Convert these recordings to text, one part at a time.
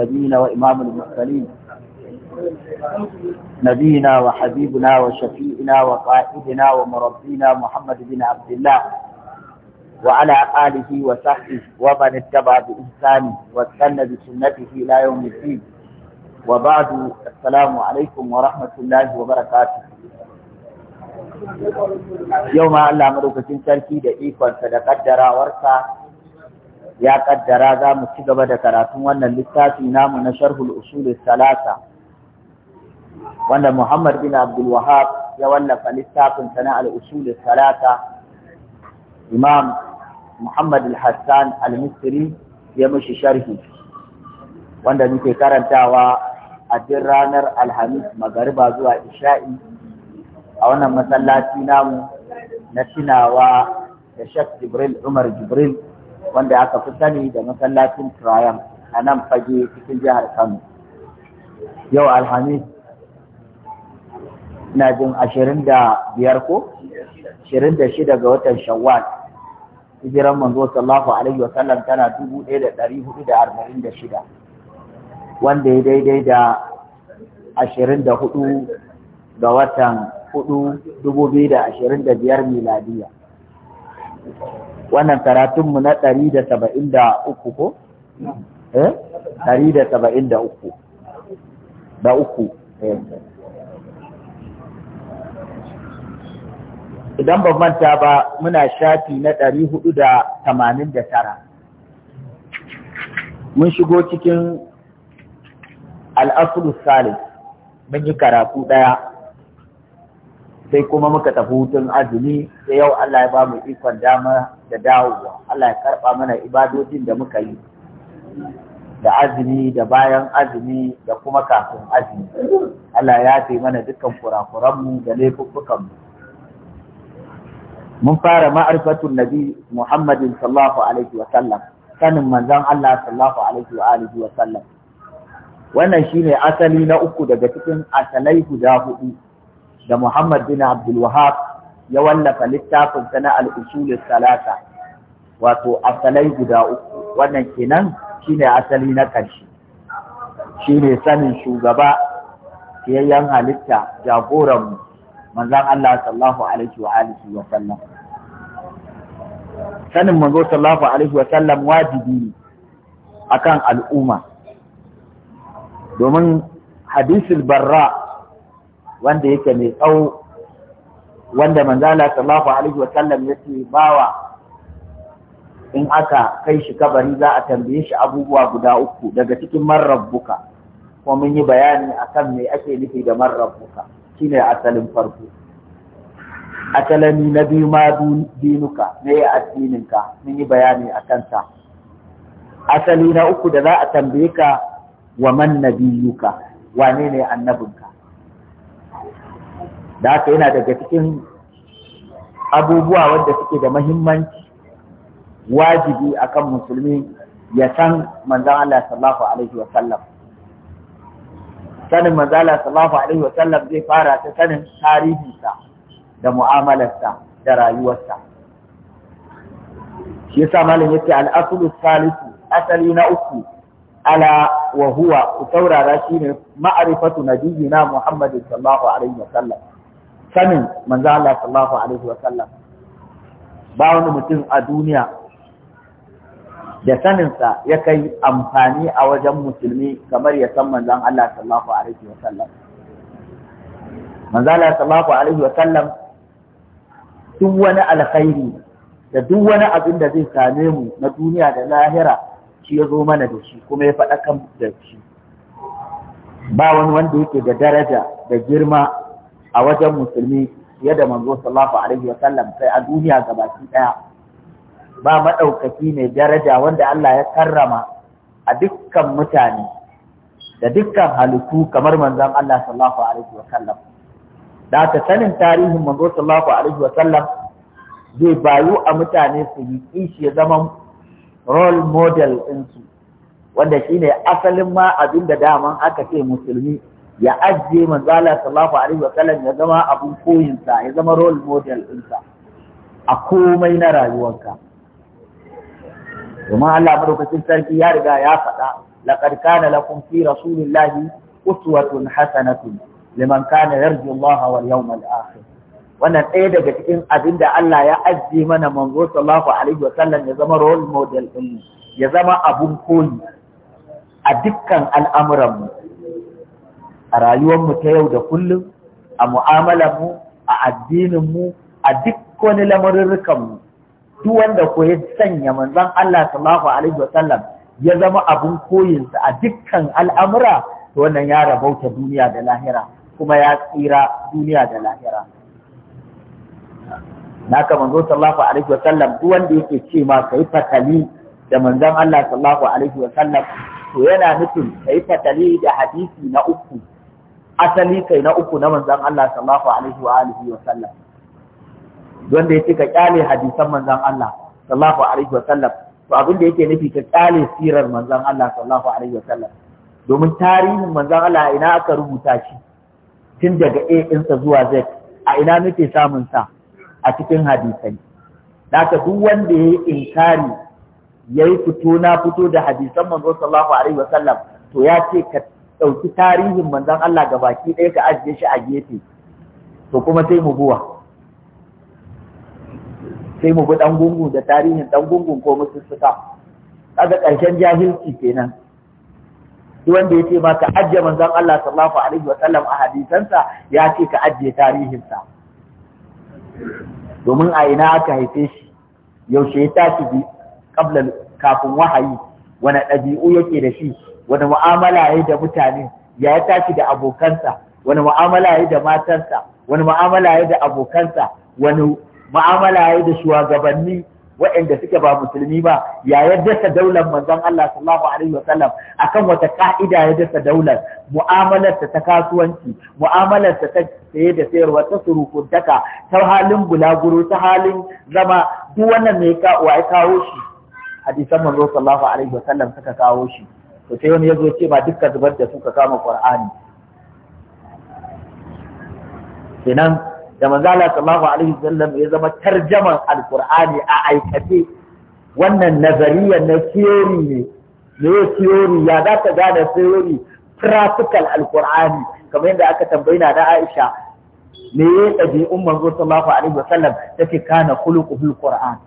نبينا وإمام المرسلين نبينا وحبيبنا وشفيئنا وقائدنا ومربينا محمد بن عبد الله وعلى آله وصحبه ومن اتبع بإنسانه واستنى بسنته إلى يوم الدين وبعد السلام عليكم ورحمة الله وبركاته يوم الله ملوك تنسلكي دقيقا فلقدر ورثة ya kaddara za mu ci gaba da karatun wannan littafi namu na sharhul usul salasa wanda Muhammad bin Abdul ya wallafa littafin sana al usul salasa Imam Muhammad al-Hassan al-Misri ya mishi sharhi wanda muke karantawa a duk ranar Alhamis magariba zuwa Isha'i a wannan masallaci namu na tunawa da Sheikh Jibril Umar Jibril wanda aka fi sani da masallacin Triumph a nan fage cikin jihar Kano. Yau Alhamis, ina jin ashirin da biyar ko? Ashirin da shida ga watan Shawwal. Hijiran manzo sallallahu alaihi wa sallam tana dubu ɗaya da ɗari hudu da arba'in da shida. Wanda ya daidai da ashirin da hudu ga watan hudu dubu biyu da ashirin da biyar miladiya. wannan karatunmu na ɗari da saba'in da uku ko? eh? ɗari da saba'in da uku da uku eh. idan ban manta ba muna shafi na ɗari da tamanin da tara mun shigo cikin al'asulu salis mun yi karatu ɗaya sai kuma muka tafi hutun azumi sai yau Allah ya ba mu ikon dama da dawowa Allah ya karɓa mana ibadojin da muka yi da azumi da bayan azumi da kuma kafin azumi Allah ya fi mana dukkan kurakuranmu da mu mun fara ma'arfatun nabi Muhammadin sallallahu alaihi wa sallam sanin manzon Allah sallallahu alaihi wa alihi wa sallam wannan shine asali na uku daga cikin asalai guda hudu da Muhammad bin Abdul Wahab ya wallafa littafin sana al-usul salata wato asalai guda uku wannan kenan shine asali na ƙarshe shine sanin shugaba fiyayyen halitta jagoran manzon Allah sallallahu alaihi wa alihi wa sallam sanin manzo sallallahu alaihi wa sallam wajibi akan al'umma domin hadisul barra wanda yake mai tsawo wanda manzala sallallahu alaihi wa sallam yace bawa in aka kai shi kabari za a tambaye shi abubuwa guda uku daga cikin marrabbuka ko mun yi bayani akan me ake nufi da marrabbuka shine asalin farko asalami na biyu ma dinuka me ya addininka mun yi bayani a kansa asali na uku da za a tambaye ka wa man nabiyuka wane ne annabinka da haka yana daga cikin abubuwa wanda suke da mahimmanci wajibi akan musulmi ya san manzan Allah sallallahu alaihi wa sallam sanin manzan Allah sallallahu alaihi wa sallam zai fara ta sanin tarihinsa da mu'amalarsa da rayuwarsa shi yasa malam yace al-aslu salisu asali na uku ala wa huwa ku saurara shine ma'rifatu nabiyina Muhammad sallallahu alaihi wa sallam sanin manzo Allah sallallahu alaihi wa sallam ba wani mutum a duniya da saninsa ya kai amfani a wajen musulmi kamar ya san manzon Allah sallallahu alaihi wa sallam manzo Allah sallallahu alaihi wa sallam duk wani alkhairi da duk wani abin da zai same mu na duniya da lahira shi ya zo mana da shi kuma ya faɗa kan da shi ba wani wanda yake da daraja da girma a wajen musulmi fiye da manzo sallallahu alaihi wa sallam sai a duniya gabaki ɗaya ba madaukaki mai daraja wanda Allah ya karrama a dukkan mutane da dukkan halittu kamar manzon Allah sallallahu alaihi wa sallam da ta sanin tarihin manzo sallallahu alaihi wa sallam zai bayu a mutane su yi kishi ya zama role model ɗinsu wanda shine asalin ma abin da daman aka ce musulmi ya ajiye manzala sallallahu alaihi wa sallam ya zama abun koyinsa ya zama role model ɗinsa a komai na rayuwarka domin Allah madaukakin sarki ya riga ya faɗa laqad kana lakum fi rasulillahi uswatun hasanatun liman kana yarju Allah wal yawmal akhir wannan ɗaya daga cikin abin da Allah ya ajiye mana manzo sallallahu alaihi wa sallam ya zama role model ɗinmu ya zama abun koyi a dukkan al'amuranmu a rayuwarmu ta yau da kullum a mu'amalarmu a addininmu a duk wani lamarurrukanmu, duk wanda ko ya sanya manzon Allah sallallahu alaihi sallam ya zama abun koyinsa a dukkan al'amura to wannan ya rabauta duniya da lahira kuma ya tsira duniya da lahira ka manzo sallallahu alaihi sallam duk wanda yake ce ma kai fatali da manzon Allah sallallahu alaihi sallam to yana nufin kai fatali da hadisi na uku asali kai na uku na manzan Allah sallallahu alaihi wa alihi wa sallam wanda yake ka kyale hadisan manzan Allah sallallahu alaihi wa sallam to abin da yake nufi ka kyale sirar manzan Allah sallallahu alaihi wa sallam domin tarihin manzan Allah ina aka rubuta shi tun daga A sa zuwa Z a ina muke samun sa a cikin hadisai haka duk wanda yayi inkari yayi fito na fito da hadisan manzo sallallahu alaihi wa sallam to ya ce ka ɗauki tarihin manzon Allah ga baki ɗaya ka ajiye shi a gefe to kuma sai mu buwa sai mu bi ɗan da tarihin ɗan ko musussuka kaga ƙarshen jahilci kenan duk wanda ya ce ma ka ajiye manzon Allah sallallahu alaihi wa sallam a hadisansa ya ce ka ajiye tarihinsa domin a ina aka haife shi yaushe ya tashi bi kafin wahayi wani ɗabi'u yake da shi wani mu'amala ya yi da mutane ya yi tashi da abokansa wani mu'amala ya yi da matarsa wani mu'amala ya yi da abokansa wani mu'amala ya yi da shugabanni waɗanda suke ba musulmi ba ya ya dasa daular manzon Allah sallallahu alaihi sallam) akan wata ka'ida ya dasa daular mu'amalarsa ta kasuwanci mu'amalarsa ta saye da sayarwa ta surukuntaka ta halin bulaguro ta halin zama duk wannan ne ya kawo shi hadisan manzo sallallahu alaihi sallam suka kawo shi to sai wani ya zo ce ba dukkan zubar da suka kama qur'ani kenan da manzo Allah sallallahu alaihi wasallam ya zama tarjaman alqur'ani a aikace wannan nazariya na theory ne ne theory ya za ta gane theory practical alqur'ani kamar yadda aka tambayi na Aisha me ya umman zo sallallahu alaihi wasallam take kana bil qur'an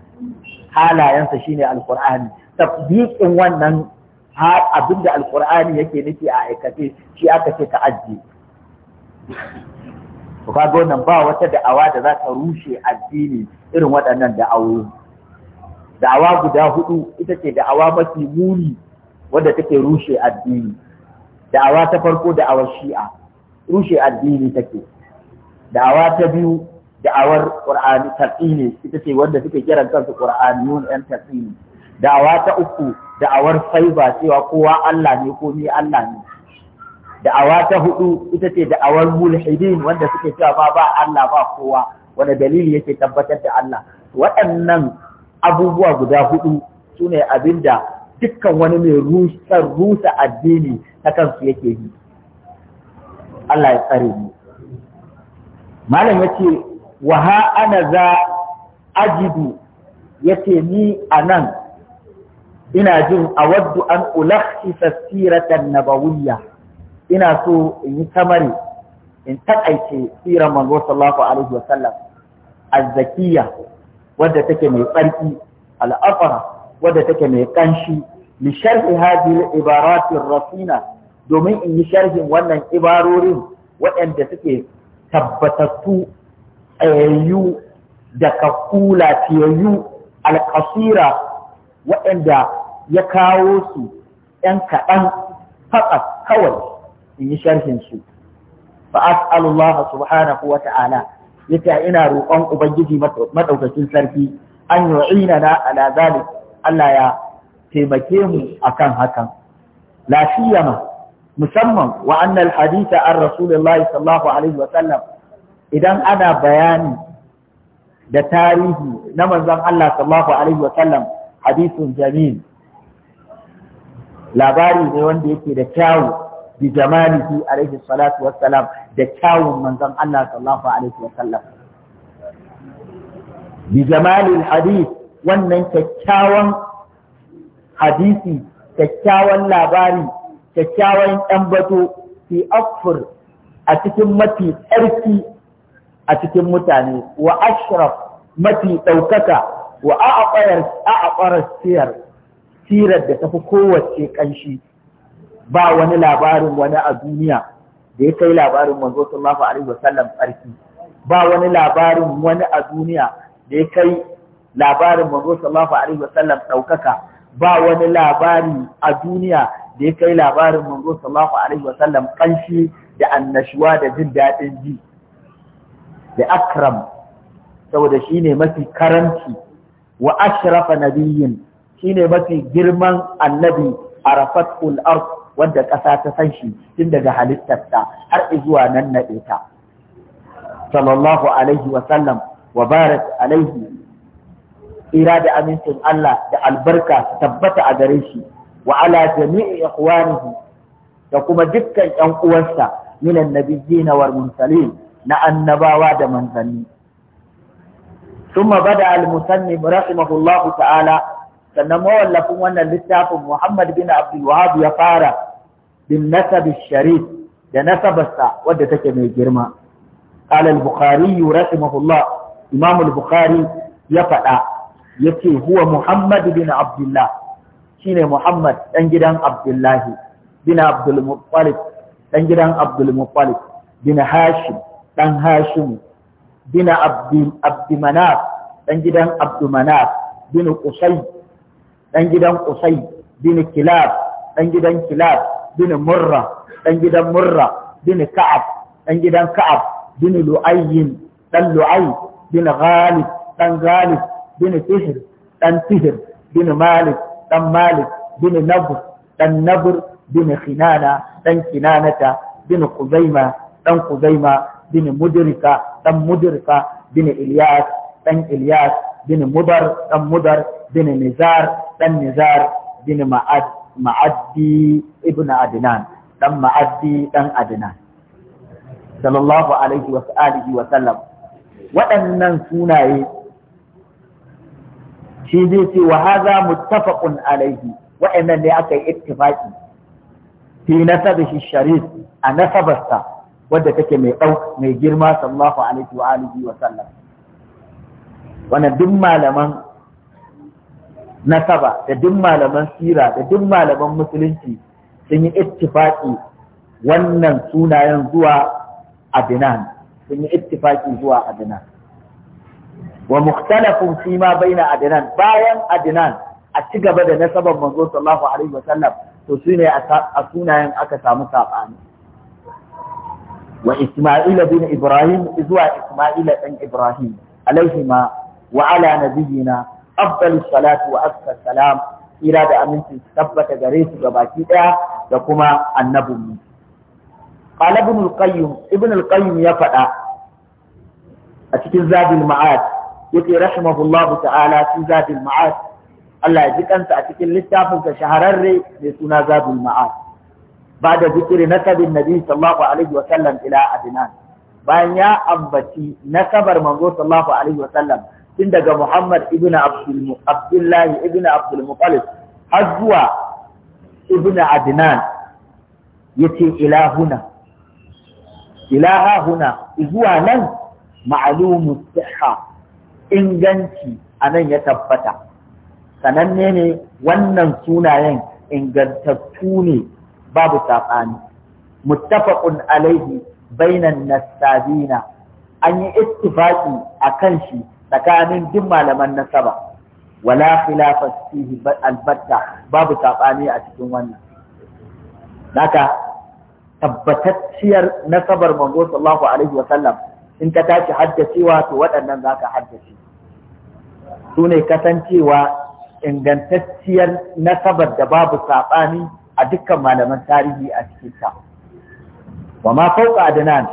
halayensa shine alqur'ani tabdiqin wannan har abin da alkur'ani yake nufi a aikace shi aka ce ka ajiye to kaga wannan ba wata da'awa da za ta rushe addini irin waɗannan da'awoyi da'awa guda hudu ita ce da'awa mafi muni wadda take rushe addini da'awa ta farko da'awar shi'a rushe addini take da'awa ta biyu da'awar qur'ani tafsiri ita ce wanda suke kiran kansu qur'aniyun yan tafsiri da'awa ta uku da'awar faiba cewa kowa Allah ne ko ni Allah ne da'awa ta hudu ita ce da'awar mulhidin wanda suke cewa ba ba Allah ba kowa wanda dalili yake tabbatar da Allah waɗannan abubuwa guda hudu sune abinda dukkan wani mai rusar rusa addini ta kansu yake yi Allah ya tsare ni malam yace wa ha ana za ajidu yace ni anan ina jin waddu an ulakhisa siratan nabawiyya ina so in yi tamari in takaice sirar manzo sallallahu alaihi wa sallam azzakiya wadda take mai tsarki al'afara wadda take mai kanshi li sharhi hadhihi ibaratir rasina domin in yi sharhin wannan ibarorin waɗanda suke tabbatattu tsayayyu da kakula tiyayyu alƙasira waɗanda ya kawo su ‘yan kaɗan faɗa kawai in yi sharhin su. Fa as'alullah subhanahu wa ta'ala yace ina roƙon ubangiji madaukakin sarki an yu'ina na ala Allah ya taimake mu akan hakan. Lafiya ma musamman wa annal an rasulullahi sallallahu alaihi Wasallam idan ana bayani da tarihi na manzon Allah sallallahu alaihi Wasallam hadithun jamil labari ne wanda yake da kyawu bi jamalihi alaihi salatu wassalam da kyawun manzon Allah sallallahu alaihi wasallam bi hadith wannan kyakkyawan hadisi kyakkyawan labari kyakkyawan ambato fi afur a cikin mafi tsarki a cikin mutane wa ashraf mafi ɗaukaka wa siyar sirar da tafi kowace ƙanshi ba wani labarin wani a duniya da ya kai labarin manzo sallallahu alaihi wasallam tsarki ba wani labarin wani a duniya da ya kai labarin manzo sallallahu alaihi wasallam daukaka ba wani labari a duniya da ya kai labarin manzo sallallahu alaihi wasallam kanshi da annashuwa da jin dadin ji da akram saboda shine mafi karanci wa ashrafa nabiyyin shine mafi girman annabi arafatul ard wanda ƙasa ta san shi tun daga halittarta har zuwa nan naɗe ta sallallahu alaihi wa sallam wa barak alaihi ira da amincin Allah da albarka su tabbata a gare shi wa ala jami'i ikhwanihi da kuma dukkan ƴan uwarsa min nabiyyin wal mursalin na annabawa da manzanni ثم بدأ المسلم رحمه الله تعالى sannan mawallafin wannan littafin Muhammad bin Abdul Wahab ya fara bin nasab sharif da nasabarsa wadda take mai girma qala al-bukhari rahimahullah imam al-bukhari ya faɗa yace huwa Muhammad bin Abdullah shine Muhammad dan gidan Abdullahi bin Abdul Muttalib dan gidan Abdul Muttalib bin Hashim dan Hashim bin Abdi Manaf dan gidan Abdu Manaf bin Qusay ɗan gidan kusai, bin Kilab ɗan gidan Kilab bin Murra ɗan gidan Murra bin Ka'ab ɗan gidan Ka'ab bin Lu'ayy ɗan Lu'ay bin Ghalib ɗan Ghalib bin tihir ɗan tihir bin Malik ɗan Malik bin nabur, ɗan Nabr bin khinana ɗan Kinanata bin kuzaima ɗan kuzaima bin Mudrika ɗan Mudrika bin Ilyas ɗan Ilyas bin Mudar ɗan Mudar bin Nizar dan Nizar bin Ma'ad Ma'addi ibn Adnan dan Ma'addi dan Adnan sallallahu alaihi wa alihi wa sallam waɗannan sunaye shi zai ce wa hadha muttafaqun alaihi waɗannan ne aka yi ittifaqi fi nasabihi sharif a nasabarsa wadda take mai ɗau mai girma sallallahu alaihi wa alihi wa sallam wannan duk malaman nasaba da duk malaman sira da duk malaman musulunci sun yi ittifaki wannan sunayen zuwa adinan sun yi ittifaki zuwa adinan wa mukhtalafun fi ma baina adinan bayan adinan a ci gaba da nasaban manzo sallallahu alaihi wa sallam to sune a sunayen aka samu sabani wa isma'ila bin ibrahim zuwa isma'ila dan ibrahim alaihi ma wa ala nabiyina afdalus salatu wa asfa salam da aminci tabbata gare su baki daya da kuma annabin qala ibn al-qayyim ibn al-qayyim ya faɗa a cikin zadil ma'ad yake rahimahullahu ta'ala fi zadil ma'ad Allah ya ji kansa a cikin littafin sa shahararre mai suna zadil ma'ad ba da zikiri nasabin nabi sallallahu alaihi wa sallam ila adnan bayan ya ambaci nasabar manzo sallallahu alaihi wa sallam tun daga Muhammad ibn Abdullahi ibn Abdul Muttalib har zuwa ibn Adnan yace ila huna ilaha huna zuwa nan ma'lumu sihha inganci anan ya tabbata sananne ne wannan sunayen ingantattu ne babu saɓani muttafaqun alaihi bainan nasabina an yi ittifaqi akan shi tsakanin duk malaman nasaba wala khilafa fihi albatta babu sabani a cikin wannan haka tabbatacciyar nasabar manzo sallallahu alaihi wa sallam in ka tashi haddacewa to waɗannan zaka haddace su ne kasancewa ingantacciyar nasabar da babu saɓani a dukkan malaman tarihi a cikin ta wa ma fauka adnan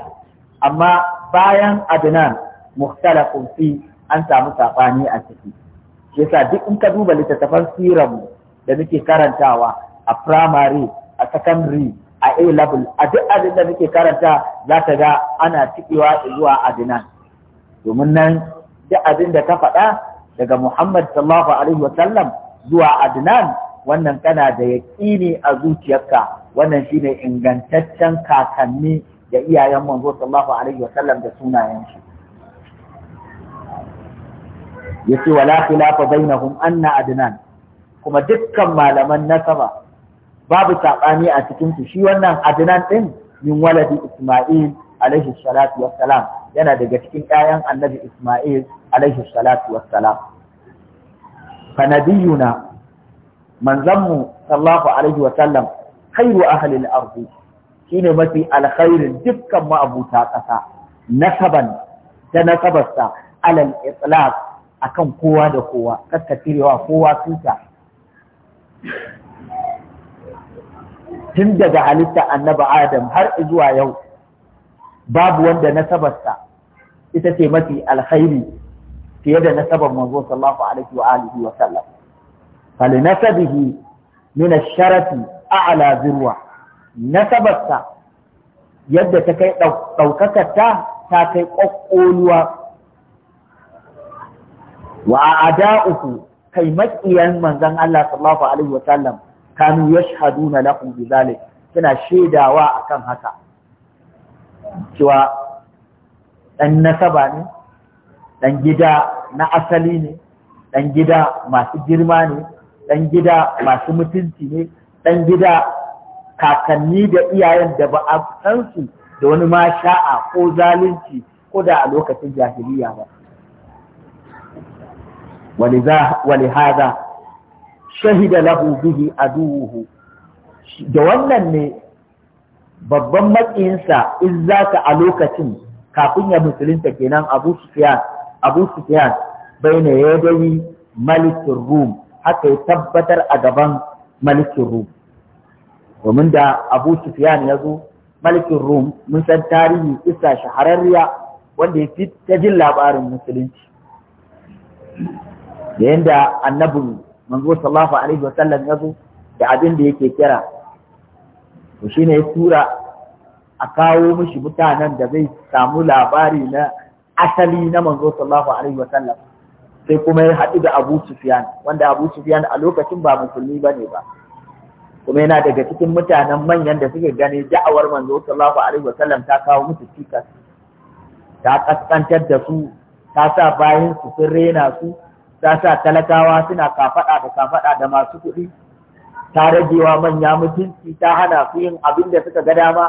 amma bayan adnan mukhtalafun fi an samu saɓani a ciki yasa duk in ka duba littattafan siran da muke karantawa a primary a secondary a A level a duk abin da muke karanta za ka ga ana cikewa zuwa adinan domin nan duk abin da ka faɗa daga Muhammad sallallahu alaihi wa sallam zuwa adinan wannan kana da yaƙini a zuciyarka wannan shine ingantaccen kakanni da iyayen manzo sallallahu alaihi wa sallam da sunayen shi yace wala khilafa bainahum anna adnan kuma dukkan malaman nasaba babu saɓani a cikin su shi wannan adnan din min waladi isma'il alaihi salatu wassalam yana daga cikin ƴaƴan annabi isma'il alaihi salatu wassalam fa nabiyuna manzanmu sallallahu alaihi wasallam khairu ahli al-ardi shine mafi alkhairin dukkan ma'abuta ƙasa nasaban da nasabarsa alal itlaq akan kowa da kowa kakka cirewa kowa tuta tun daga halitta annaba adam har zuwa yau babu wanda nasabarsa ita ce mafi alkhairi fiye da nasabar manzo sallallahu alaihi wa alihi wa sallam nasabihi min ash-sharafi a'la zirwa nasabarsa yadda ta kai daukakarta ta kai kokkoluwa wa a'da'uhu kai makiyan manzon Allah sallallahu alaihi wa sallam kanu yashhaduna lahum bizalik suna shaidawa akan haka cewa dan nasaba ne dan gida na asali ne dan gida masu girma ne dan gida masu mutunci ne dan gida kakanni da iyayen da ba a san su da wani ma sha'a ko zalunci ko da a lokacin jahiliya ba ولهذا شهد له به عدوه da wannan ne babban matsayinsa in za ka a lokacin kafin ya musulunta kenan abu Sufiyan? abu Sufiyan bai na ya malikin rum haka ya tabbatar a gaban malikin rum domin da abu Sufiyan ya zo malikin rum mun san tarihi isa shahararriya wanda ya fi ta jin labarin musulunci da yanda annabi manzo sallallahu alaihi wasallam ya zo da abin da yake kira to shine ya tura a kawo mishi mutanen da zai samu labari na asali na manzo sallallahu alaihi wasallam sai kuma ya haɗu da Abu Sufyan wanda Abu Sufyan a lokacin ba musulmi bane ba kuma yana daga cikin mutanen manyan da suke gani da'awar manzo sallallahu alaihi wasallam ta kawo musu cikas ta kaskantar da su ta sa bayan su sun rena su ta sa talakawa suna kafaɗa da kafaɗa da masu kuɗi ta ragewa manya mutunci ta hana su yin abin da suka ga dama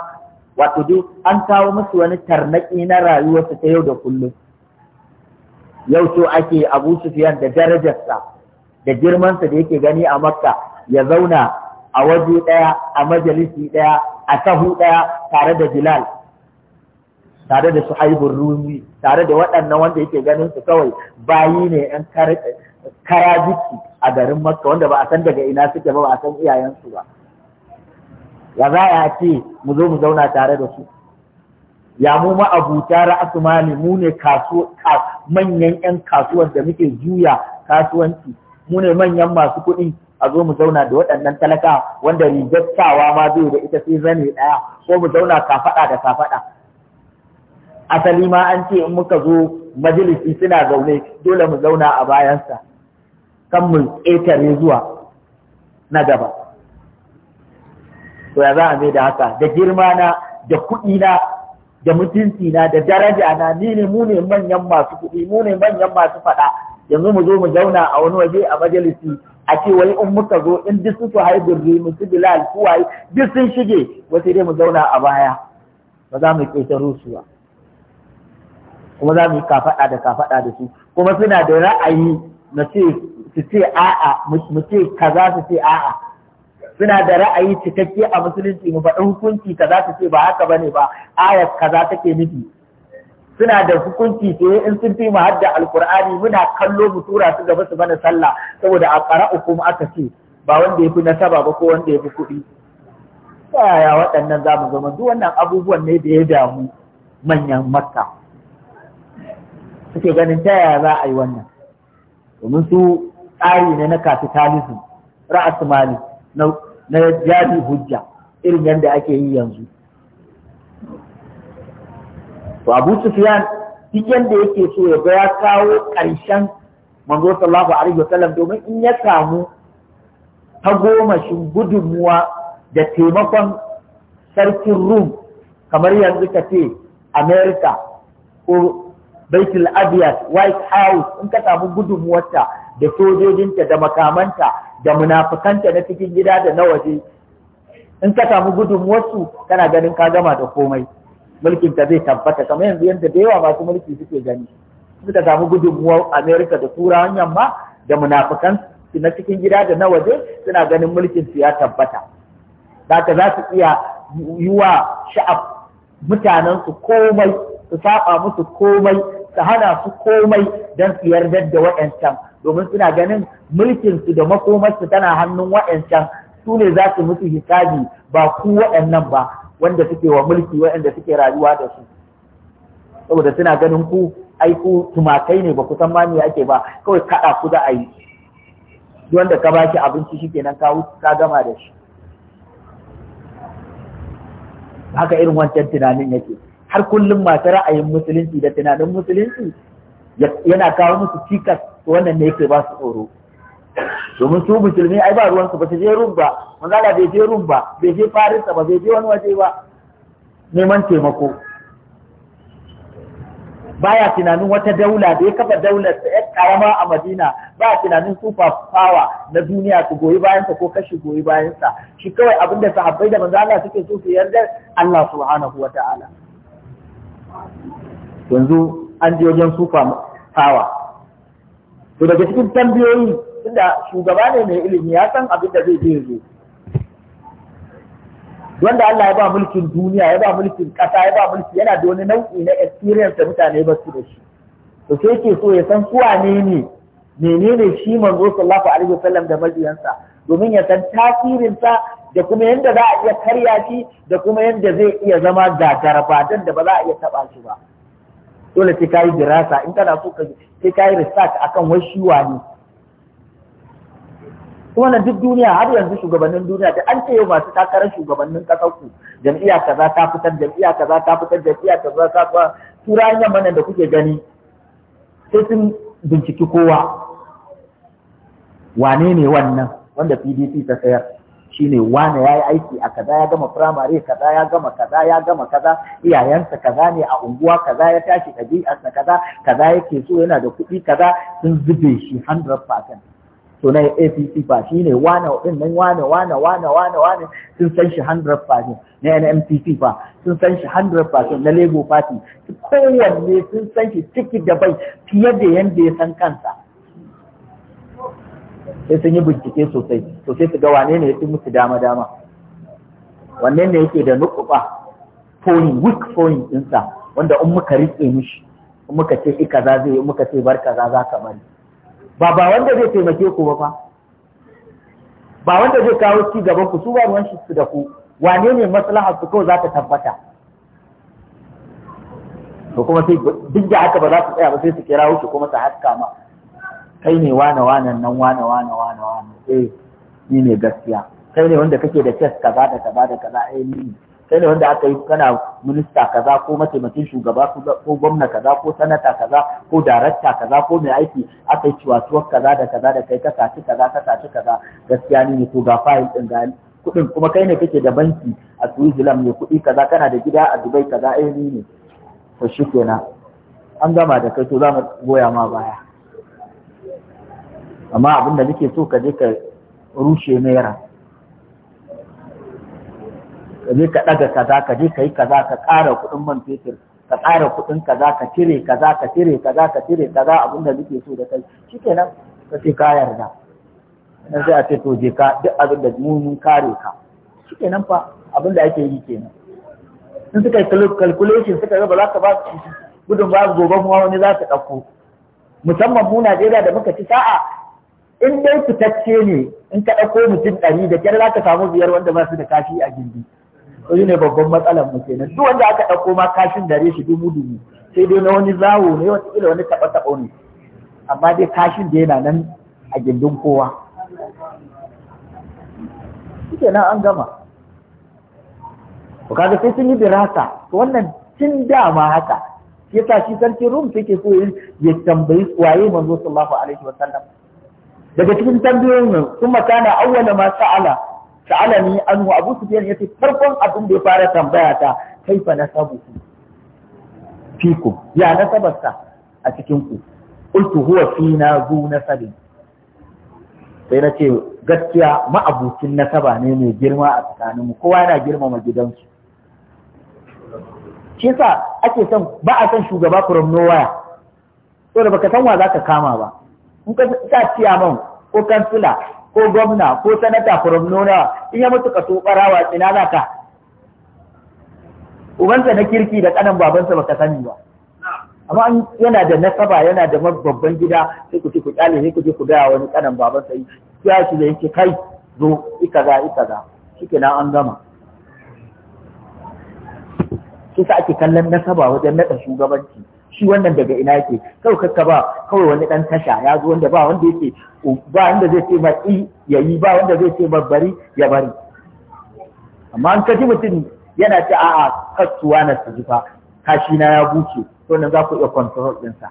wato duk an kawo musu wani tarnaƙi na rayuwarsu ta yau da kullum yau so ake abu sufiyan da darajarsa da girmansa da yake gani a makka ya zauna a waje ɗaya a majalisi ɗaya a sahu ɗaya tare da bilal tare da suhaibun rumi tare da waɗannan wanda yake ganin su kawai bayi ne yan jiki a garin makka wanda ba a san daga ina suke ba ba a san iyayensu ba ya za a ce mu zo mu zauna tare da su ya mu ma'abuta ra'asu ne mu ne manyan yan kasuwar da muke juya kasuwanci mu ne manyan masu kuɗi a zo mu zauna da waɗannan talaka wanda rigattawa ma zai da ita sai zane ɗaya ko mu zauna kafaɗa da kafaɗa asali ma an ce in muka zo majalisi suna zaune dole mu zauna a bayansa kan mu ƙetare zuwa na gaba to ya za a mai da haka da girma na da kuɗi na da mutunci na da daraja na ni ne mu ne manyan masu kuɗi mu ne manyan masu faɗa yanzu mu zo mu zauna a wani waje a majalisi a ce wai in muka zo in duk su tuhai birri mu su bilal kuwaye duk sun shige wasu dai mu zauna a baya ba za mu ƙetaro su ba kuma za mu yi kafaɗa da kafaɗa da su kuma suna da ra'ayi na ce su ce a'a mu ce kaza su ce a'a suna da ra'ayi cikakke a musulunci mu faɗi hukunci kaza su ce ba haka bane ba ayat kaza take nufi suna da hukunci sai in sun fi mu hadda alqur'ani muna kallo mu tura su gaba su mana sallah saboda a kuma aka ce ba wanda yafi nasaba ba ko wanda yafi kuɗi yaya waɗannan zamu zama duk wannan abubuwan ne da ya damu manyan makka suke ganin ta yaya za a yi wannan domin su tsari ne na capitalism ra'asu mali na jari hujja irin yadda ake yi yanzu to abu sufyan duk yadda yake so ya ga ya kawo ƙarshen manzo sallallahu alaihi wasallam domin in ya samu tagomashin gudunmuwa da taimakon sarkin rum kamar yanzu ka ce america ko baitul abiyat white house in ka samu gudunmuwarta da sojojinta da makamanta da munafukanta na cikin gida da na waje in ka samu gudunmuwarsu kana ganin ka gama da komai mulkin ka zai tabbata kamar yanzu yadda da yawa masu mulki suke gani In ka samu gudunmuwar america da turawan yamma da munafukan na cikin gida da na waje suna ganin mulkin su ya tabbata ka za su iya yi wa sha'af mutanensu komai su saba musu komai su hana su komai don su yarda da waɗancan domin suna ganin mulkinsu da makomarsu tana hannun waɗancan su ne za su musu hisabi ba ku waɗannan ba wanda suke wa mulki waɗanda suke rayuwa da su saboda suna ganin ku ai ku tumakai ne ba ku san ma me ake ba kawai kaɗa ku za a yi wanda ka shi abinci shikenan ka ka gama da shi haka irin wancan tunanin yake har kullum masu ra'ayin musulunci da tunanin musulunci yana kawo musu cikas wannan ne yake ba su tsoro domin su musulmi ai ba ruwansu ba su je rum ba manzala bai je rum ba bai je farisa ba bai je wani waje ba neman taimako baya tunanin wata daula da ya kafa daular ta yan karama a Madina ba tunanin super power na duniya su goyi bayansa ko kashi goyi bayansa shi kawai abinda sahabbai da manzana suke so su yarda Allah subhanahu wataala yanzu an je wajen sufa fawa to daga cikin tambayoyi inda shugaba ne mai ilimi ya san abin da zai je zo wanda Allah ya ba mulkin duniya ya ba mulkin ƙasa, ya ba mulki yana da wani nau'i na experience da mutane ba su da shi to sai yake so ya san kuwa ne ne menene shi manzo sallallahu alaihi wasallam da majiyansa domin ya san tasirinsa da kuma yadda za a iya karya shi da kuma yadda zai iya zama gagara don da ba za a iya taɓa shi ba dole sai ka yi dirasa in kana so ka sai ka yi research akan wai shi ne. kuma na duk duniya har yanzu shugabannin duniya da an ce yau masu takarar shugabannin kasar ku jam'iyya kaza ta fitar jam'iyya kaza ta fitar jam'iyya kaza ta fitar turan yamma da kuke gani sai sun binciki kowa wane ne wannan wanda PDP ta sayar shine wane yayi aiki a kaza ya gama firamare kaza ya gama kaza ya gama kaza iyayensa kaza ne a unguwa kaza ya tashi ɗabi'arsa kaza kaza yake so yana da kuɗi kaza sun zube shi 100% to na APC fa shine wane din nan wane wane wane wane wane sun san shi 100% na NMPP fa sun san shi 100% na Labour Party kowanne sun san shi ciki da bai fiye da yanda ya san kansa sai sun yi bincike sosai to sai su ga wane ne ya fi musu dama dama wanne ne yake da nukuba foni weak foni dinsa wanda in muka rike mishi in muka ce ika za zai in muka ce bar kaza za ka bari ba ba wanda zai taimake ku ba fa ba wanda zai kawo ci gaban ku su ba ruwan shi su da ku wane ne maslaha su kawai za ta tabbata to kuma sai duk da haka ba za su tsaya ba sai su kira wuce kuma su haska ma kai ne wane wanan nan wane wane wane wane eh ni ne gaskiya kai ne wanda kake da test kaza da kaza da kaza eh ni kai ne wanda aka yi kana minista kaza ko mataimakin shugaba ko gwamna kaza ko sanata kaza ko darakta kaza ko mai aiki aka yi ciwatuwar kaza da kaza da kai ka saci kaza ka saci kaza gaskiya ni ne to ga fayil din ga kuɗin kuma kai ne kake da banki a Switzerland mai kuɗi kaza kana da gida a Dubai kaza eh ni ne to kenan an gama da kai to za mu goya ma baya amma abinda nake so ka je ka rushe naira ka je ka ɗaga kaza ka je ka yi kaza ka ƙara kuɗin man fetur ka ƙara kuɗin kaza ka cire kaza ka cire kaza ka cire kaza abinda nake so da kai shikenan ka ce ka yarda na sai a ce to je ka duk abin da mu mun kare ka shikenan fa abin da ake yi kenan in suka yi calculation suka ga ba za ka ba gudun ba gobe mu wani za ta ɗauko musamman mu Najeriya da muka ci sa'a in dai fitacce ne in ka ɗauko mutum ɗari da kyar za ka samu biyar wanda ba su da kashi a gindi to shi ne babban matsalar mu kenan duk wanda aka ɗauko ma kashin dare shi dubu dubu sai dai na wani zawo ne ila wani taɓa taɓa ne amma dai kashin da yana nan a gindin kowa shi nan an gama kaga sai sun yi birasa wannan tun dama haka yasa shi sarki rum take so ya tambayi waye manzo sallallahu alaihi wasallam daga cikin tambayoyin nan kuma kana awwala ma sa'ala sa'ala ni wa Abu Sufyan yace farkon abin da ya fara tambaya ta kaifa nasabu fiku ya nasabarsa a cikin ku ultu huwa fina zu nasabin sai na ce gaskiya ma'abucin nasaba ne mai girma a tsakaninmu kowa yana girmama gidansu shi yasa ake son ba a son shugaba from nowhere saboda baka san wa za ka kama ba in ka sa ciyaman ko kansila ko gwamna ko sanata from nona in ya mutu ka so barawa ina za ka ubansa na kirki da kanan babansa baka sani ba amma yana da nasaba yana da babban gida sai ku ce ku kyale sai ku je ku gaya wani kanan babansa yi ya shi da yake kai zo ikaza ikaza nan an gama shi sa ake kallon nasaba wajen naɗa shugabanci shi wannan daga ina yake kawai kakka ba kawai wani dan tasha ya zo wanda ba wanda yake ba wanda zai ce matsi ya yi ba wanda zai ce babbari ya bari amma an kaji mutum yana ce a'a kasuwa na su jifa kashi na ya buce to nan za ku iya control ɗinsa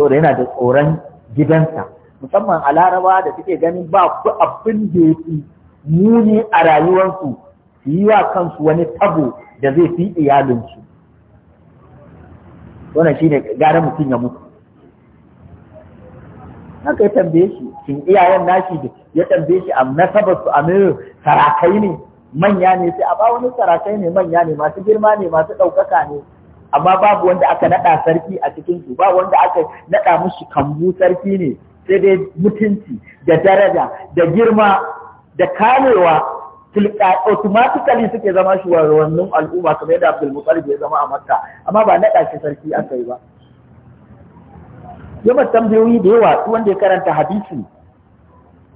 to da yana da tsoron gidansa musamman a laraba da suke ganin ba ku abin da ya fi muni a rayuwarsu su yi wa kansu wani tabo da zai fi iyalinsu wannan ne gara mutum ya mutu haka ya tambaye shi shin iyayen nashi da ya tambaye shi a nasabar su amir sarakai ne manya ne sai a ba wani sarakai ne manya ne masu girma ne masu ɗaukaka ne amma babu wanda aka naɗa sarki a cikin su ba wanda aka naɗa mushi kambu sarki ne sai dai mutunci da daraja da girma da kamewa tilka automatically suke zama shugabannin al'umma kamar yadda Abdul Muttalib ya zama a Makka amma ba na dace sarki aka yi ba yamma tambayoyi da yawa wanda ya karanta hadisi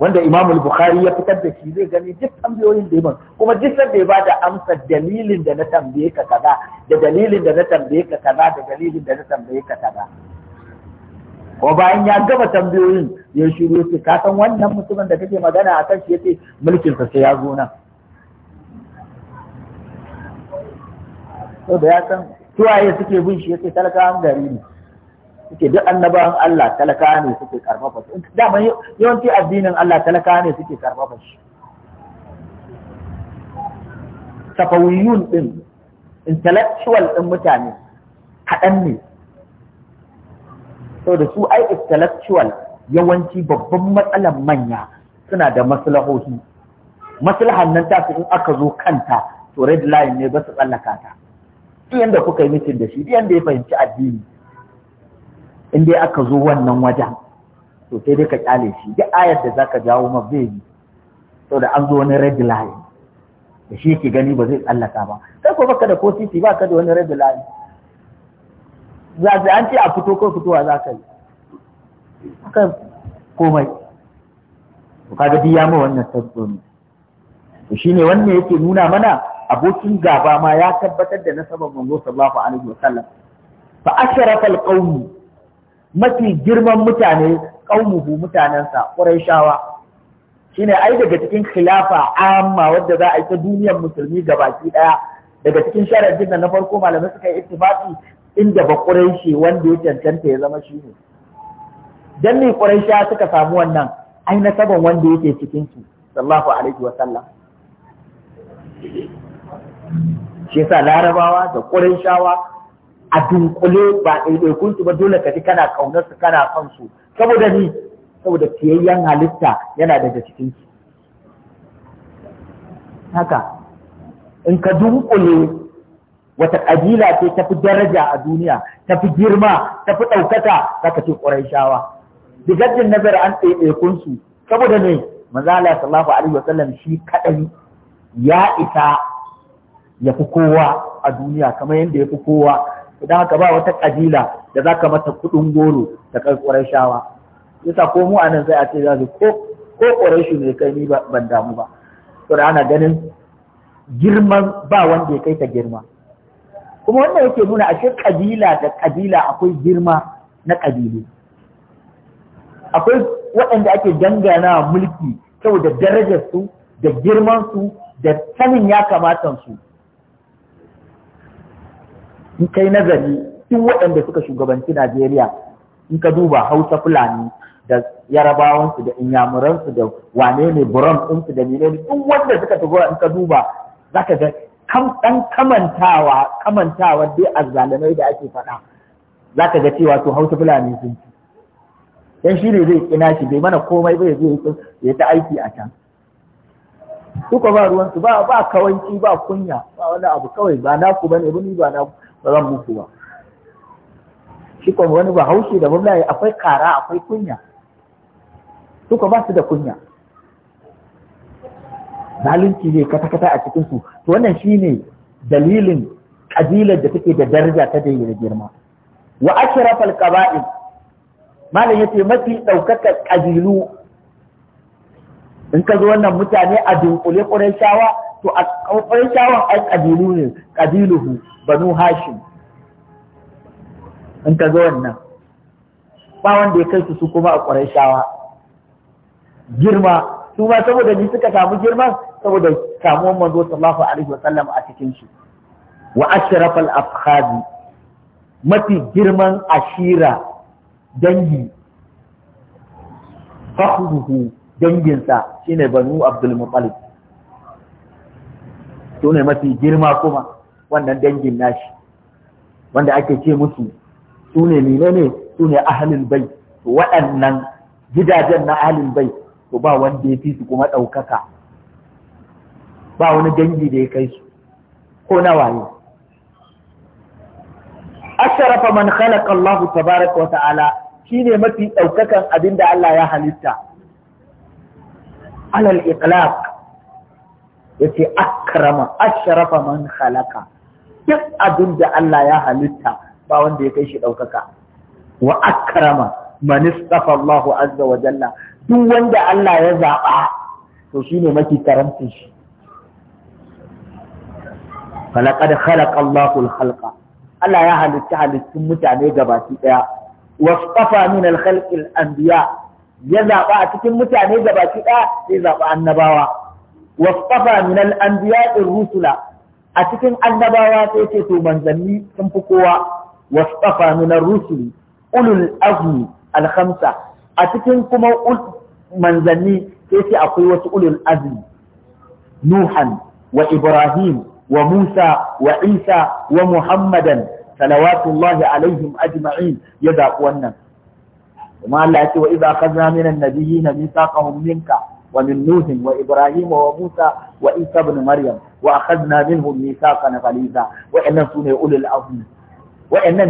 wanda Imam Bukhari ya fitar da shi zai gani duk tambayoyin da yaman kuma duk sanda ya bada amsa dalilin da na tambaye ka kaza da dalilin da na tambaye ka kaza da dalilin da na tambaye ka kaza ko bayan ya gama tambayoyin ya shiru ce, ka san wannan mutumin da kake magana akan shi yace mulkin sa sai ya zo nan saboda ya san tuwaye suke bin shi yace talakawan gari ne suke duk annabawan Allah talaka ne suke karfafa shi dama yawanci addinin Allah talaka ne suke karfafa shi tafawiyun din intellectual din mutane kaɗan ne da su ai intellectual yawanci babban matsalan manya suna da maslahohi maslahan nan ta in aka zo kanta to red line ne ba su tsallaka ta ɗiyan da kuka yi mitin da shi ɗiyan da ya fahimci addini in dai aka zo wannan wajen to sai dai ka kyale shi duk ayar da zaka jawo ma zai yi da an zo wani red line da shi yake gani ba zai tsallaka ba kai ko baka da ko titi baka da wani red line za ta an ce a fito ko fitowa za ka yi aka komai to kaga biya ma wannan sabbi to shine wannan yake nuna mana abokin gaba ma ya tabbatar da nasabar manzo sallallahu alaihi wasallam fa asharafa alqawm mafi girman mutane qaumuhu mutanansa quraishawa shine ai daga cikin khilafa amma wadda za a yi ta duniyar musulmi gabaki daya daga cikin sharadin da na farko malamai suka yi ittifaqi inda ba quraishi wanda ya cancanta ya zama shine dan ne quraisha suka samu wannan ai nasaban wanda yake cikin su sallallahu alaihi wasallam shi yasa larabawa da ƙurin shawa a dunkule ba ɗaiɗaikun su ba dole ka ji kana ƙaunar su kana son su saboda ni saboda fiyayyen halitta yana daga cikin su haka in ka dunkule wata ƙabila ce ta fi daraja a duniya ta fi girma ta fi ɗaukata za ka ce ƙurin shawa nazar an ɗaiɗaikun su saboda ne manzo sallallahu alaihi wasallam shi kaɗai ya isa ya fi kowa a duniya kamar yadda ya fi kowa idan haka ba wata kabila da za ka mata kuɗin goro da kai shawa yasa ko mu anan sai a ce za su ko ko ƙurashi ne kai ni ban damu ba to da ana ganin girman ba wanda ya kai ta girma kuma wannan yake nuna cikin ƙabila da ƙabila akwai girma na kabilu akwai waɗanda ake dangana mulki kyau saboda darajarsu da girmansu da sanin ya kamata su in kai nazari duk waɗanda suka shugabanci Najeriya in ka duba Hausa Fulani da Yarabawansu da Inyamuransu da wane ne Buram ɗinsu da Mileni duk wanda suka tafi in ka duba za ka ga ɗan kamantawa kamantawa dai azzalamai da ake faɗa za ka ga cewa to Hausa Fulani sun ci dan shi ne zai kina shi bai mana komai bai zai ya ta aiki a can duka ba ruwansu ba ba kawanci ba kunya ba wani abu kawai ba naku bane ba ni ba naku ba zan muku ba shi kuma wani ba haushi da gwamna akwai kara akwai kunya duka ba su da kunya zalunci ne kata-kata a cikin su to wannan shine dalilin kabilar da take da daraja ta da girma wa ashrafal qaba'il malam yace mafi daukaka kabilu in ka zo wannan mutane a dunkule ƙurayshawa to a ƙurayshawan ai ƙabilu ne ƙabiluhu banu hashim in ka zo wannan ba wanda ya kai su su kuma a ƙurayshawa girma su ma saboda ni suka samu girman saboda samuwan manzo sallallahu alaihi sallam a cikin shi wa ashrafal afkhadi mafi girman ashira dangi fakhruhu danginsa shi ne banu abdul muttalib su ne mafi girma kuma wannan dangin nashi wanda ake ce musu su ne menene su ne ahalin bai waɗannan gidajen na ahalin bai to ba wanda ya fi su kuma ɗaukaka ba wani dangi da ya kai su ko na waye asharafa man khalaqa Allah tabaraka wa ta'ala shine mafi ɗaukakan abinda Allah ya halitta alal itlaq yace akrama ashrafa man khalaqa duk abin da Allah ya halitta ba wanda ya kai shi daukaka wa akrama man istafa Allah azza wa jalla duk wanda Allah ya zaba to shine mafi karamci shi falaqad khalaqa Allahu al-khalqa Allah ya halitta halittun mutane gabaki daya wasafa min al-khalqi al-anbiya ya zaɓa a cikin mutane da baki ɗaya sai zaɓa annabawa wasafa min al-anbiya rusula a cikin annabawa sai ce to manzanni sun fi kowa wasafa min rusuli ulul azmi al-khamsa a cikin kuma manzanni sai ce akwai wasu ulul azmi nuhan wa ibrahim wa musa wa isa wa muhammadan salawatullahi alaihim ajma'in ya zaɓi wannan kuma Allah ya ce wa idza khadna min an-nabiyyin mithaqahum ibrahim wa musa maryam wa akhadna minhum mithaqan ghaliza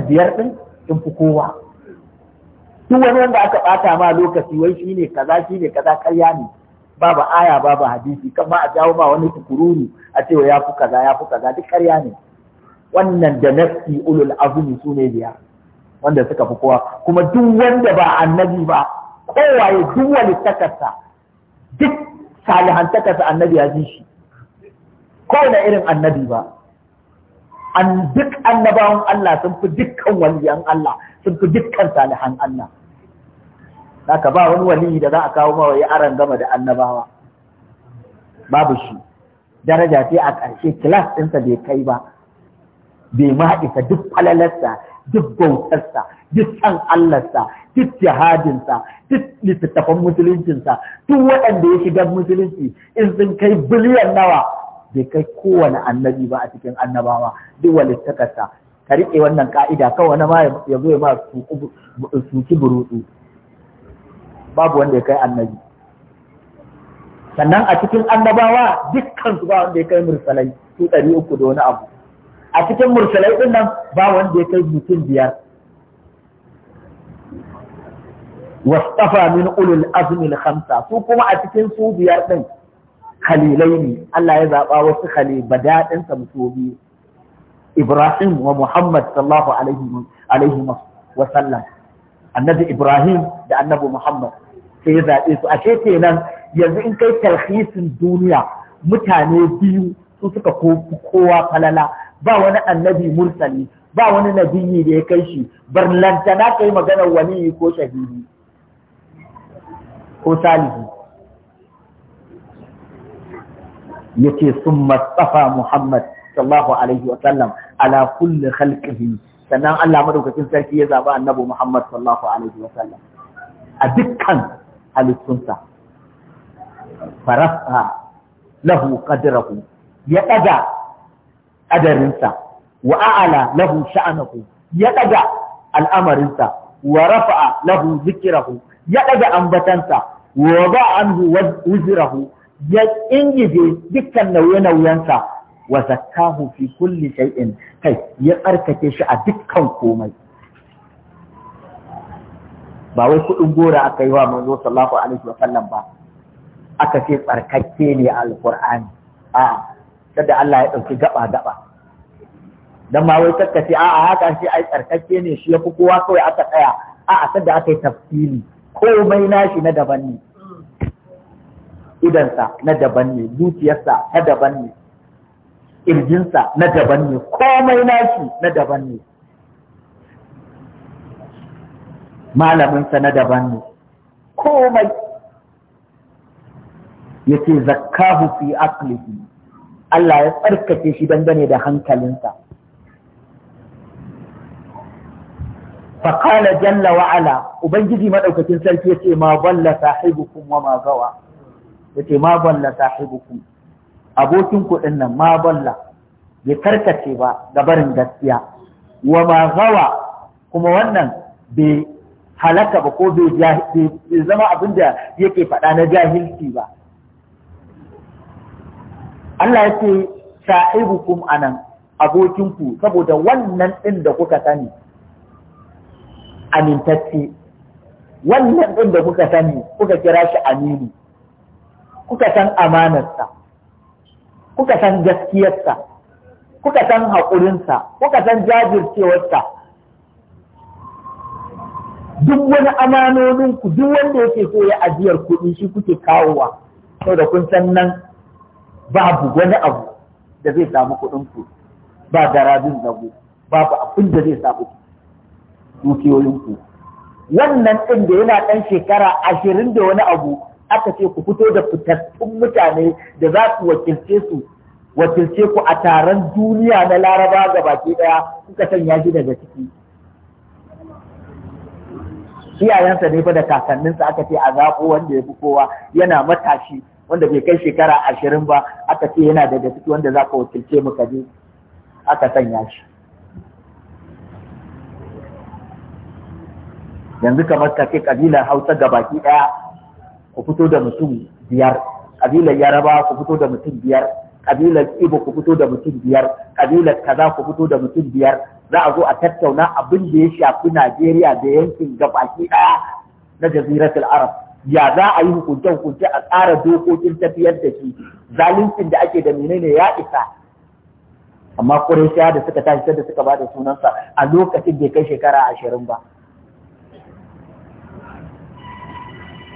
biyar ɗin sun fi kowa duk wani wanda aka ɓata ma lokaci wai shine kaza ne kaza karya ne babu aya babu hadisi kan ma a jawo ma wani tukururu a cewa ya fi kaza ya fi kaza duk karya ne wannan da nafsi ulul azumi su ne biyar wanda suka fi kowa kuma duk wanda ba annabi ba kowaye duk wani takasa duk salihan takasa annabi ya ji shi kowane irin annabi ba an duk annabawan Allah sun fi dukkan waliyan Allah sun fi dukkan salihan Allah haka ba wani waliyi da za a kawo mawa ya aran gama da annabawa babu shi daraja ce a ƙarshe kilas ɗinsa bai kai ba bai ma isa duk falalarsa duk bautarsa duk san Allahsa, duk jihadinsa duk littattafan musuluncinsa duk waɗanda ya shiga musulunci in sun kai biliyan nawa bai kai kowane annabi ba a cikin annabawa duk walittakarsa ka riƙe wannan ka'ida kawai ma ya zo ma suki burutu babu wanda ya kai annabi sannan a cikin annabawa dukkan su ba wanda ya kai mursalai su ɗari uku da wani abu a cikin mursalai din nan ba wanda ya kai mutum biyar wastafa min ulul azmi khamsa su kuma a cikin su biyar din khalilai ne Allah ya zaba wasu khali badadin sa biyu Ibrahim wa Muhammad sallallahu alaihi alaihi wa sallam annabi Ibrahim da annabi Muhammad sai ya zabe su ashe kenan yanzu in kai talhisin duniya mutane biyu su suka kowa falala ba wani annabi mursali ba wani nabiyi da ya kai shi barlantana kai maganar wani ko shahidi ko Ya yace summa tsafa muhammad sallallahu alaihi wa sallam ala kulli khalqihi sannan Allah madaukakin sarki ya zaba annabi muhammad sallallahu alaihi wa sallam a dukkan halittunsa farasa lahu qadrahu ya ɗaga ƙadarinsa wa a'ala lahu sha'anahu ya ɗaga al'amarinsa wa rafa'a lahu zikirahu ya ɗaga ambatansa wa ba anhu wuzirahu ya ingije dukkan nauye-nauyensa wa zakkahu fi kulli shay'in kai ya tsarkake shi a dukkan komai ba wai kudin gora aka yi wa manzo sallallahu alaihi wa sallam ba aka ce tsarkake ne a alqur'ani kada Allah ya ɗauki gaba gaba dan ma wai a a'a haka shi ai tsarkake ne shi yafi kowa kawai aka tsaya a'a sadda aka yi tafsiri komai nashi na daban ne idansa na daban ne zuciyarsa na daban ne ƙirjinsa na daban ne komai nashi na daban ne malaminsa na daban ne komai Yake ce zakkahu fi aklihi Allah ya tsarkake shi dangane da hankalinsa fakala Jalla Wa'ala, ubangiji madaukakin sarki yace ma balla sahibukum wa ma gawa yace ma balla sahibukum abokin kuɗin nan ma balla bai karkace ba gabarin gaskiya wa ma gawa kuma wannan bai halaka ba ko bai zama abin da yake faɗa na jahilci ba Allah ya ce sa'ibukum anan abokinku saboda wannan ɗin da kuka sani amintacce wannan ɗin da kuka sani kuka kira shi amini kuka san amanarsa kuka san gaskiyarsa kuka san haƙurinsa kuka san jajircewarsa duk wani amanoninku duk wanda yake so ya ajiyar kuɗi shi kuke kawowa saboda kun san nan babu wani abu da zai samu kuɗin ku ba garabin zago babu abin da zai samu dukiyoyin ku wannan ɗin da yana ɗan shekara ashirin da wani abu aka ce ku fito da fitattun mutane da za su wakilce su wakilce ku a taron duniya na laraba ga baki ɗaya kuka sanya shi daga ciki iyayensa ne fa da kakanninsa aka ce a zaɓo wanda ya fi kowa yana matashi wanda bai kai shekara ashirin ba aka ce yana da gaske wanda za ka wakilce mu ka je aka sanya shi yanzu kamar ka ce kabilar hausa ga baki ɗaya ku fito da mutum biyar kabilar yaraba ku fito da mutum biyar kabilar ibo ku fito da mutum biyar kabilar kaza ku fito da mutum biyar za a zo a tattauna abin da ya shafi najeriya da yankin ga baki ɗaya na jaziratul arab ya za a yi hukunce hukunce a tsara dokokin tafiyar da shi zaluncin da ake da menene ya isa amma Qurayshiya da suka tashi da suka bada sunansa a lokacin bai kai shekara ashirin ba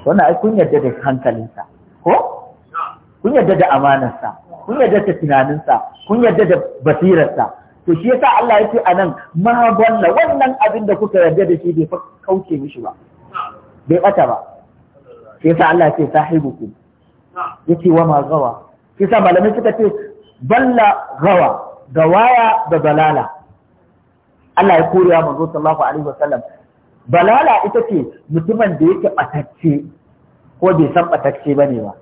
wannan ai kun yarda da hankalinsa ko kun yarda da amanarsa kun yarda da tunaninsa kun yarda da basirarsa to shi yasa Allah ya ce anan ma wannan abin da kuka yarda da shi bai kauce mishi ba bai bata ba sai sa Allah ce sahibukum yace wa ma gawa sai sa malamai suka ce balla gawa gawaya da balala Allah ya mu zo sallallahu alaihi wasallam balala ita ce mutumin da yake batacce ko bai san batacce bane ba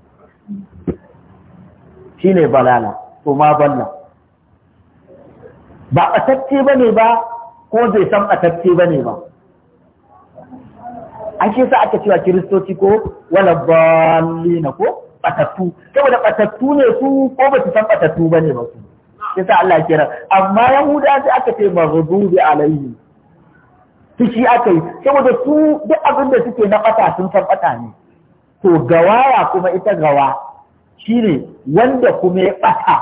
shine balala to ma balla ba batacce bane ba ko bai san batacce bane ba an ce sa aka cewa kiristoci ko wala na ko batattu saboda batattu ne su ko ba su san batattu bane ba su sai sa Allah kira amma yahuda sai aka ce maghdubi alaihi shi aka yi saboda su duk abin da suke na bata sun san fata ne to gawaya kuma ita gawa shine wanda kuma ya bata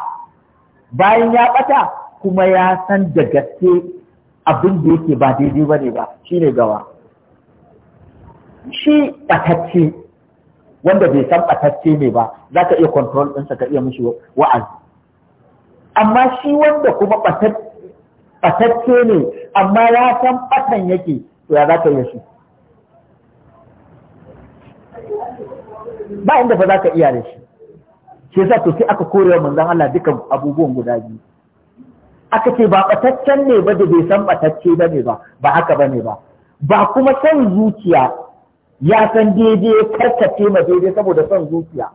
bayan ya bata kuma ya san da gaske abin da yake ba daidai bane ba shine gawa shi ɓatacce wanda bai san ɓatacce ne ba za ka iya control ɗinsa ka iya mishi wa'azi amma shi wanda kuma ɓatacce ne amma ya san ɓatan yake to ya za ka iya shi ba inda ba za ka iya da shi shi yasa to sai aka korewa manzon Allah dukan abubuwan guda biyu aka ce ba ɓataccen ne ba da bai san ɓatacce ba ne ba ba haka ba ne ba ba kuma san zuciya ya san daidai karkace ma daidai saboda son zuciya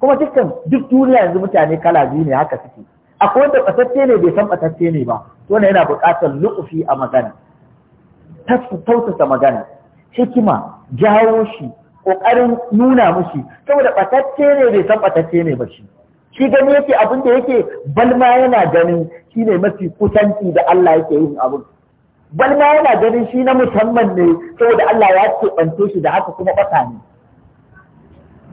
kuma dukkan duk duniya yanzu mutane kala biyu ne haka suke akwai wanda ɓatacce ne bai san ɓatacce ne ba to ne yana buƙatar lu'ufi a magana tausasa magana hikima jawo shi ƙoƙarin nuna mushi saboda ɓatacce ne bai san ɓatacce ne ba shi shi gani yake abin da yake balma yana ganin shi ne mafi kusanci da Allah yake yin abin bal ma yana ganin shi na musamman ne saboda Allah ya keɓanto shi da haka kuma ɓata ne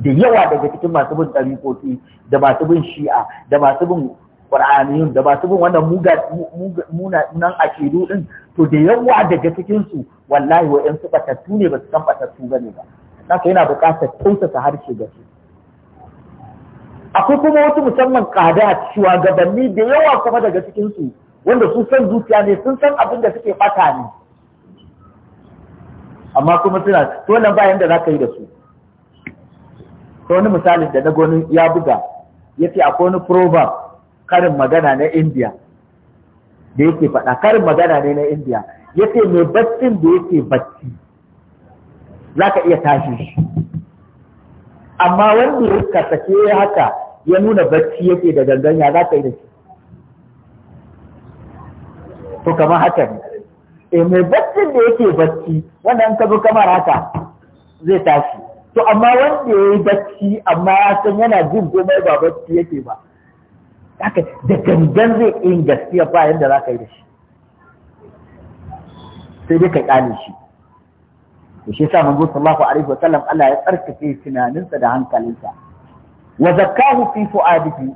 da yawa daga cikin masu bin ɗariƙoƙi da masu bin shi'a da masu bin ƙur'aniyun da masu bin wannan a akidu ɗin to da yawa daga cikinsu wallahi wa'yansu ɓatattu ne ba su san ɓatattu ba ne ba Na ka yana buƙatar tausasa harshe da su akwai kuma wasu musamman ƙada shuwagabanni da yawa kuma daga cikinsu wanda su san zuciya ne sun san abin da suke fata ne amma kuma suna to nan bayan da zaka yi da su to wani misali da na goni ya buga yace akwai wani proverb karin magana na India da yake faɗa karin magana ne na India yace mai baccin da yake bacci zaka iya tashi shi amma wanda ya kasace haka ya nuna bacci yake da ganganya zaka yi da shi to kamar haka ne e mai baccin da yake bacci wannan an kazo kamar haka zai tashi to amma wanda ya yi bacci amma ya san yana jin komai ba bacci yake ba haka da gangan zai yin gaskiya ba yadda za ka yi da shi sai dai ka kyale shi to shi yasa manzo sallallahu alaihi wasallam Allah ya tsarkake tunaninsa da hankalinsa wa zakkahu fi fuadihi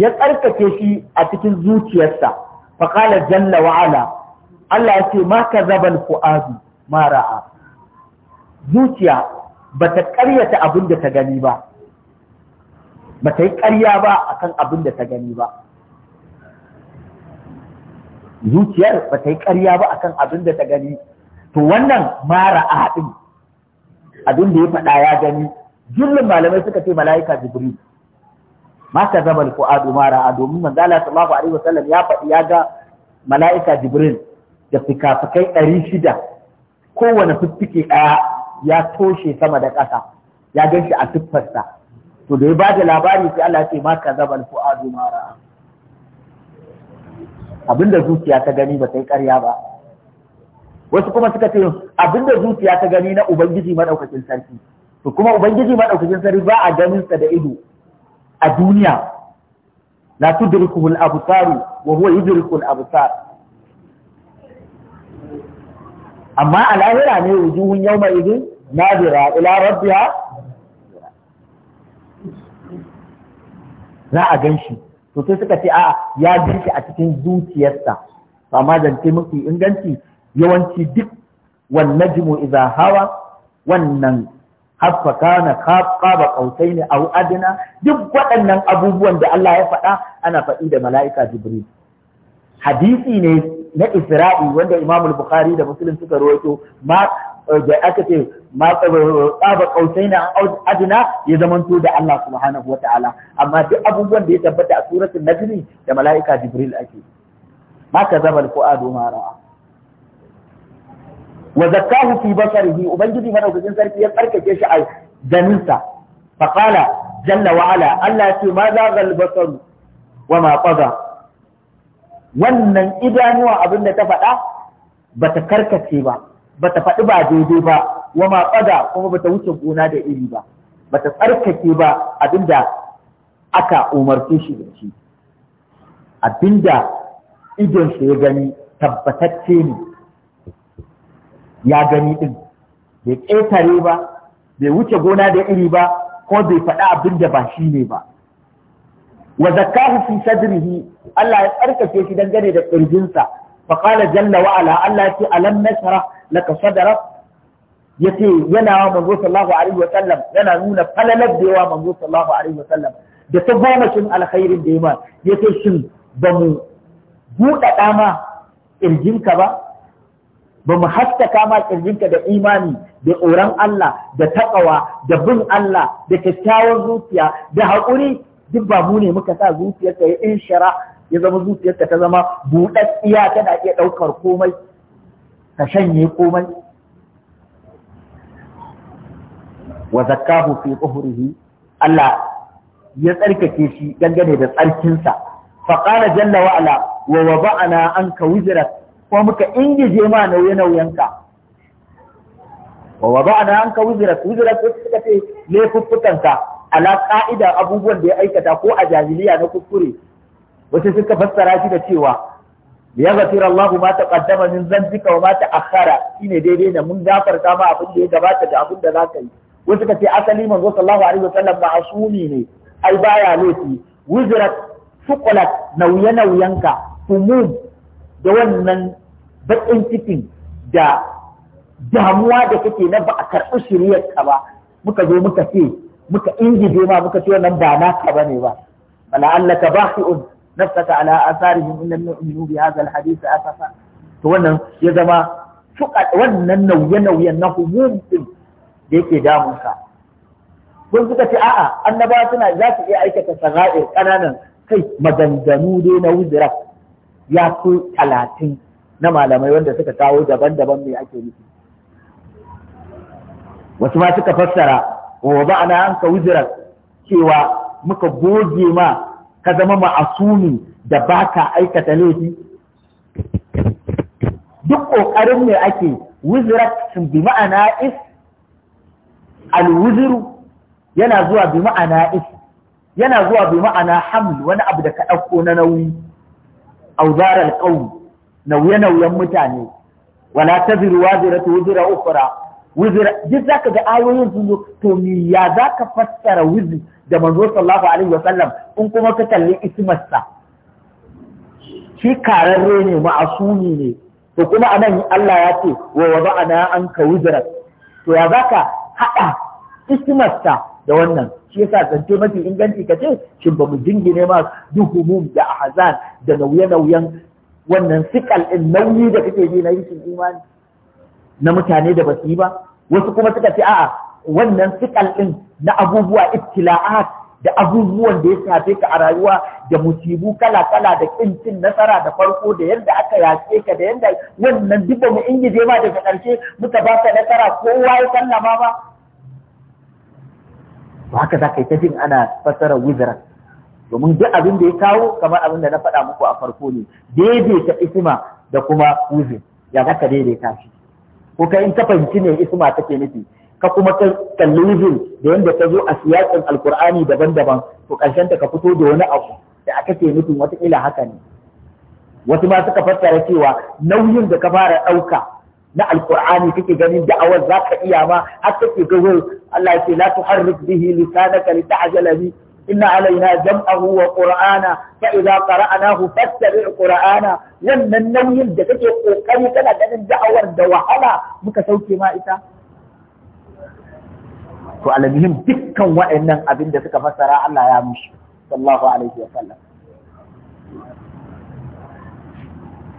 ya tsarkake shi a cikin zuciyarsa faƙala jalla wa'ala Allah ya ce ma ka zabal fu'adu ma ra'a zuciya ba ta ƙaryata abin da ta gani ba ba ta yi ƙarya ba akan abin da ta gani ba zuciyar ba ta yi ƙarya ba akan abin da ta gani to wannan mara a haɗin abin da ya faɗa ya gani jullun malamai suka ce mala'ika jibril ma ka zama fu'adu mara a domin manzo Allah sallallahu alaihi wasallam ya faɗi ya ga mala'ika Jibril da fikafikai ɗari shida kowane fiffike ɗaya ya toshe sama da ƙasa ya gan shi a siffarsa to da ya ba da labari sai Allah ce ma ka zaba fu'adu ma ra'a abinda zuciya ta gani ba ta yi ƙarya ba wasu kuma suka ce abinda zuciya ta gani na ubangiji madaukakin sarki to kuma ubangiji madaukakin sarki ba a ganin sa da ido a duniya la tudrikuhu al-absar wa huwa yudrikul absar amma al-akhirah ne wujuhun yawma idin nadira ila rabbiha za a gan shi to sai suka ce a ya gan shi a cikin zuciyarsa to amma ce mafi inganci yawanci duk wan najmu idza hawa wannan haffa kana qaba ne au adina. duk waɗannan abubuwan da Allah ya faɗa ana faɗi da mala'ika Jibril hadisi ne na Isra'i wanda Imam Bukhari da Muslim suka rawaito ma da aka ce ma qaba eh, qausaini aw adina ya zamanto da Allah subhanahu wata'ala amma duk abubuwan da ya tabbata a suratul najm da mala'ika Jibril ake ma zabal ko Ado ma ra'a wa zakkahu fi basarihi ubangiji madaukakin sarki ya tsarkake shi a ganinsa fa qala jalla wa ala Allah ya ce ma zagal basaru wa ma wannan idanuwa abin da ta faɗa bata karkace ba bata faɗi ba daidai ba wa ma qaza kuma bata wuce gona da iri ba bata tsarkake ba abinda aka umarce shi da shi abinda idon shi ya gani tabbatacce ne ya gani din bai ƙetare ba bai wuce gona da iri ba ko bai faɗa abin da ba shi ne ba wa zakkahu fi sadrihi Allah ya tsarkake shi dangane da ƙirjinsa fa qala jalla wa ala Allah ya ce alam nashrah laka sadrak yace yana wa manzo sallallahu alaihi wa sallam yana nuna falalar da yawa manzo sallallahu alaihi wa sallam da ta goma alkhairin da yawa yace shin ba mu buɗa dama kirjinka ba ba mu haskaka ma kirjinka da imani da tsoron Allah da taƙawa, da bin Allah da kyakkyawar zuciya da haƙuri duk ba mu ne muka sa zuciyarka ya inshara ya zama zuciyarka ta zama buɗaɗɗiya tana iya ɗaukar komai ta shanye komai wa zakkahu fi Allah ya tsarkake shi dangane da tsarkinsa fa qala jalla wa ala wa wada'na anka ko muka ingije ma nauye-nauyenka wa ka anka wizrak ko suka ce laifuffukanka ala ka'ida abubuwan da ya aikata ko a jahiliya na kuskure wasu suka fassara shi da cewa ya liyaghfira Allah ma kaddama min dhanbika wa ma shi ne daidai da mun gafarta ma abin da ya gabata da abin da za ka yi wasu suka ce asali manzo sallallahu alaihi wasallam asumi ne ai baya laifi wizrat suqalat nauye nauyanka humum da wannan baƙin cikin da damuwa da kake na ba a karɓi shiryar ka ba muka zo muka ce muka ingije ma muka ce wannan ba naka bane ba fala'allaka baqi'un nafsaka ala asarihim in lam yu'minu bi hadha alhadith asafa to wannan ya zama fuka wannan nauye nauye na humum din da yake damun ka. kun suka ce a'a annaba suna za su iya aikata sagair kananan kai maganganu dai na wuzira ya fi talatin na malamai wanda suka kawo daban-daban mai ake nufi wasu ma suka fassara wa ba'ana an ka wujira cewa muka goge ma ka zama ma'asumi da baka aikata laifi duk ƙoƙarin mai ake sun bi ma'ana is alwuziru yana zuwa bi ma'ana is yana zuwa bi ma'ana haml wani abu da ka ɗauko na nauyi auzarar ƙauni nauye-nauyen mutane wala taziru waziratu wuzira ukhra wuzira duk ka ga ayoyin sun zo to mi ya zaka fassara wuzi da manzo sallallahu alaihi wa sallam in kuma ka kalli ismarsa shi kararre ne ma'asumi ne to kuma anan Allah ya ce wa wada'ana anka wuzira to ya ka haɗa ismarsa da wannan shi yasa zance mafi inganci ka ce shin ba mu jingine ma duhumum da ahzan da nauye-nauyen wannan sikal ɗin nauyi da kake ji na rikin imani na mutane da basu yi ba wasu kuma suka ce a'a wannan sikal ɗin na abubuwa ibtila'at da abubuwan da ya shafe ka a rayuwa da musibu kala kala da kincin nasara da farko da yadda aka yace ka da yadda wannan duk ba mu ingije ma daga ƙarshe muka ba ka nasara kowa ya sallama ba haka za ka yi ta jin ana fassara wizaran domin duk abin da ya kawo kamar abin da na faɗa muku a farko ne daidaita isma da kuma wuzin ya zaka daidaita shi ko kai in ka fahimci ne isma take nufi ka kuma ka kalli da yanda ta zo a siyasin alkur'ani daban-daban to ƙarshen ta ka fito da wani abu da aka ke nufin wataƙila haka ne wasu ma suka fassara cewa nauyin da ka fara ɗauka na alkur'ani kake ganin da'awar za ka iya ma har kake gawo Allah ya ce la tuharrik bihi lisanaka lita'jala bi Ina alaina jam'ahu wa qur'ana fa idza qara'nahu fattabi' qur'ana wannan nauyin da kake ƙoƙari tana ganin da'awar da wahala muka sauke ma ita to alamihim dukkan wa'annan abin da suka fassara Allah ya mushi